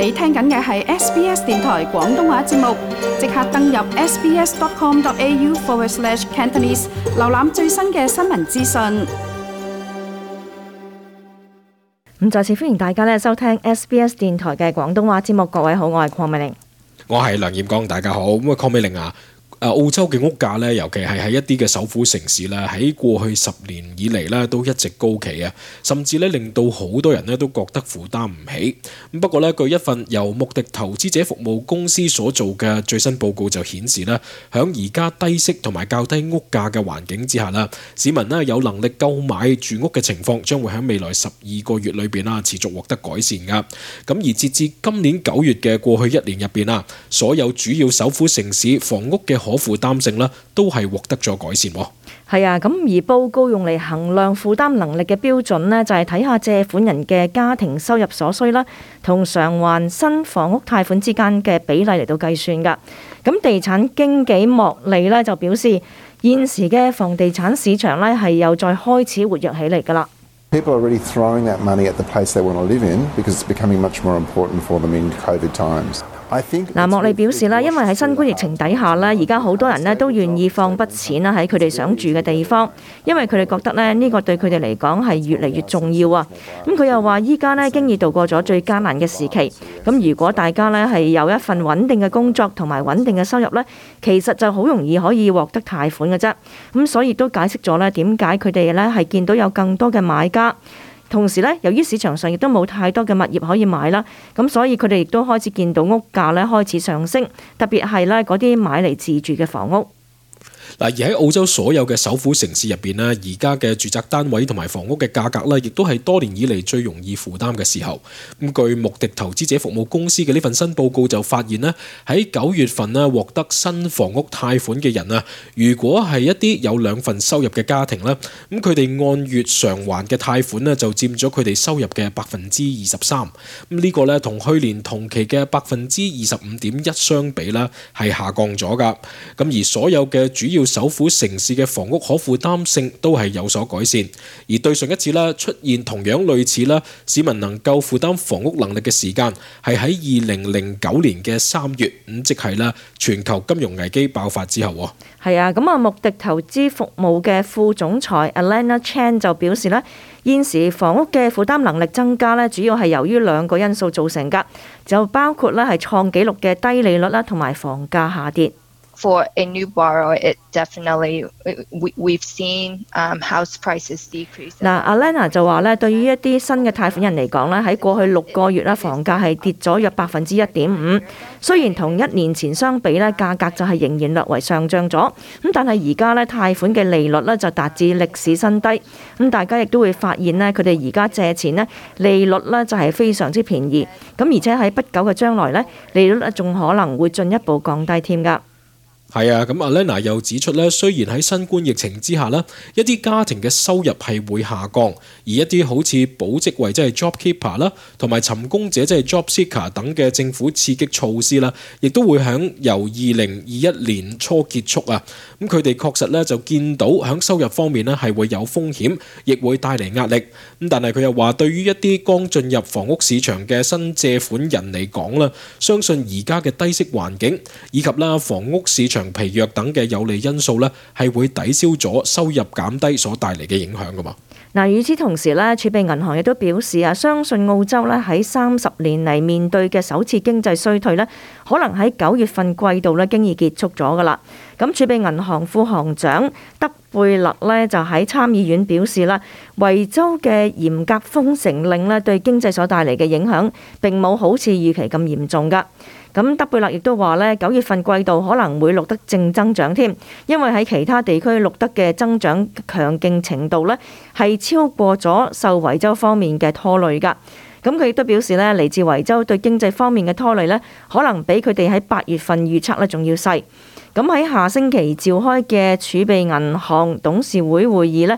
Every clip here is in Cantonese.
你聽緊嘅係 SBS 電台廣東話節目，即刻登入 sbs.com.au/cantonese 瀏覽最新嘅新聞資訊。咁再次歡迎大家咧收聽 SBS 電台嘅廣東話節目。各位好，我係鄺美玲，我係梁艷剛，大家好。咁啊，鄺美玲啊。誒澳洲嘅屋價咧，尤其係喺一啲嘅首府城市咧，喺過去十年以嚟咧都一直高企啊，甚至咧令到好多人咧都覺得負擔唔起。咁不過咧，據一份由穆迪投資者服務公司所做嘅最新報告就顯示咧，響而家低息同埋較低屋價嘅環境之下啦，市民咧有能力購買住屋嘅情況將會喺未來十二個月裏邊啦持續獲得改善噶。咁而截至今年九月嘅過去一年入邊啊，所有主要首府城市房屋嘅，可負擔性咧，都係獲得咗改善。係啊，咁而報告用嚟衡量負擔能力嘅標準呢，就係睇下借款人嘅家庭收入所需啦，同償還新房屋貸款之間嘅比例嚟到計算㗎。咁地產經紀莫利呢，就表示，現時嘅房地產市場呢，係又再開始活躍起嚟㗎喇。嗱，莫莉表示啦，因為喺新冠疫情底下呢，而家好多人呢都願意放筆錢啦喺佢哋想住嘅地方，因為佢哋覺得呢，呢個對佢哋嚟講係越嚟越重要啊。咁佢又話，依家呢經已度過咗最艱難嘅時期。咁如果大家呢係有一份穩定嘅工作同埋穩定嘅收入呢，其實就好容易可以獲得貸款嘅啫。咁所以都解釋咗呢點解佢哋呢係見到有更多嘅買家。同時呢，由於市場上亦都冇太多嘅物業可以買啦，咁所以佢哋亦都開始見到屋價呢開始上升，特別係呢嗰啲買嚟自住嘅房屋。嗱，而喺澳洲所有嘅首府城市入邊咧，而家嘅住宅單位同埋房屋嘅價格咧，亦都係多年以嚟最容易負擔嘅時候。咁據穆迪投資者服務公司嘅呢份新報告就發現咧，喺九月份咧獲得新房屋貸款嘅人啊，如果係一啲有兩份收入嘅家庭咧，咁佢哋按月償還嘅貸款咧就佔咗佢哋收入嘅百分之二十三。咁呢、這個咧同去年同期嘅百分之二十五點一相比咧係下降咗噶。咁而所有嘅主要首府城市嘅房屋可負擔性都係有所改善，而對上一次咧出現同樣類似咧，市民能夠負擔房屋能力嘅時間係喺二零零九年嘅三月，五即係咧全球金融危機爆發之後。係啊，咁啊，穆迪投資服務嘅副總裁 Alana Chan 就表示呢，現時房屋嘅負擔能力增加呢，主要係由於兩個因素造成噶，就包括咧係創紀錄嘅低利率啦，同埋房價下跌。For a new borrower, it definitely we've seen house prices decrease。嗱，Alana 就話咧，對於一啲新嘅貸款人嚟講咧，喺過去六個月啦，房價係跌咗約百分之一點五。雖然同一年前相比咧，價格就係仍然略為上漲咗。咁但係而家咧，貸款嘅利率咧就達至歷史新低。咁大家亦都會發現咧，佢哋而家借錢咧利率咧就係非常之便宜。咁而且喺不久嘅將來咧，利率仲可能會進一步降低添噶係啊，咁阿 lena 又指出咧，雖然喺新冠疫情之下咧，一啲家庭嘅收入係會下降，而一啲好似保職位即係、就是、job keeper 啦，同埋尋工者即係 job seeker 等嘅政府刺激措施啦，亦都會響由二零二一年初結束啊。咁佢哋確實咧就見到響收入方面咧係會有風險，亦會帶嚟壓力。咁但係佢又話對於一啲剛進入房屋市場嘅新借款人嚟講啦，相信而家嘅低息環境以及啦房屋市場。強疲弱等嘅有利因素呢，係會抵消咗收入減低所帶嚟嘅影響噶嘛。嗱，與此同時呢，儲備銀行亦都表示啊，相信澳洲呢喺三十年嚟面對嘅首次經濟衰退呢，可能喺九月份季度呢經已結束咗噶啦。咁儲備銀行副行長德貝勒呢，就喺參議院表示啦，維州嘅嚴格封城令呢，對經濟所帶嚟嘅影響並冇好似預期咁嚴重㗎。咁德貝勒亦都話呢，九月份季度可能會錄得正增長添，因為喺其他地區錄得嘅增長強勁程度呢，係超過咗受維州方面嘅拖累㗎。咁佢亦都表示呢，嚟自維州對經濟方面嘅拖累呢，可能比佢哋喺八月份預測呢仲要細。咁喺下星期召開嘅儲備銀行董事會會議呢，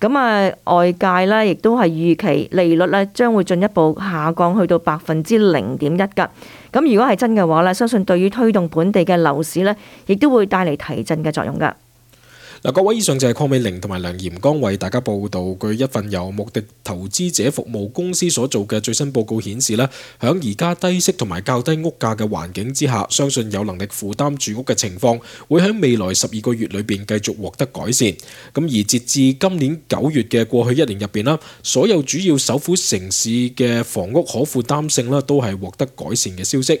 咁啊外界呢亦都係預期利率呢將會進一步下降去到百分之零點一㗎。咁如果係真嘅話咧，相信對於推動本地嘅樓市呢，亦都會帶嚟提振嘅作用㗎。嗱，各位，以上就係鄺美玲同埋梁炎光為大家報道。據一份由穆迪投資者服務公司所做嘅最新報告顯示，呢響而家低息同埋較低屋價嘅環境之下，相信有能力負擔住屋嘅情況，會喺未來十二個月裏面繼續獲得改善。咁而截至今年九月嘅過去一年入邊啦，所有主要首府城市嘅房屋可負擔性呢都係獲得改善嘅消息。